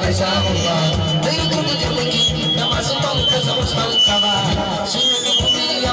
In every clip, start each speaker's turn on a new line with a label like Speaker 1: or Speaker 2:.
Speaker 1: bai samu ba da masu ya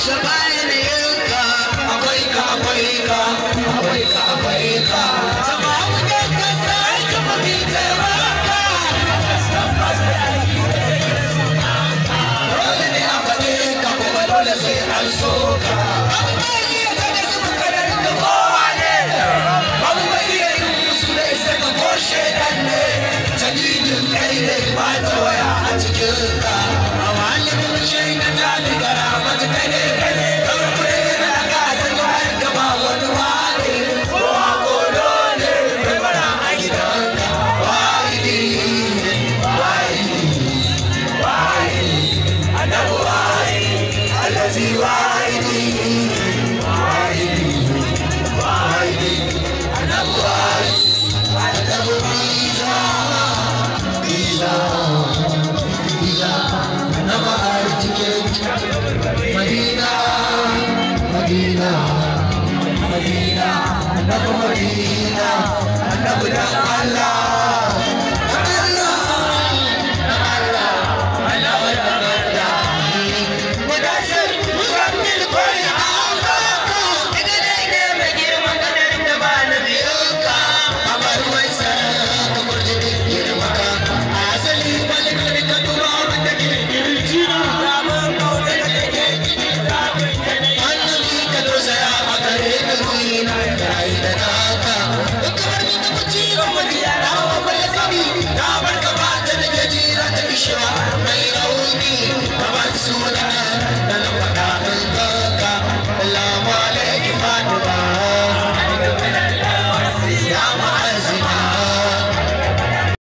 Speaker 1: Take it. Madina, Madina, Madina, Madina, Madina, Madina,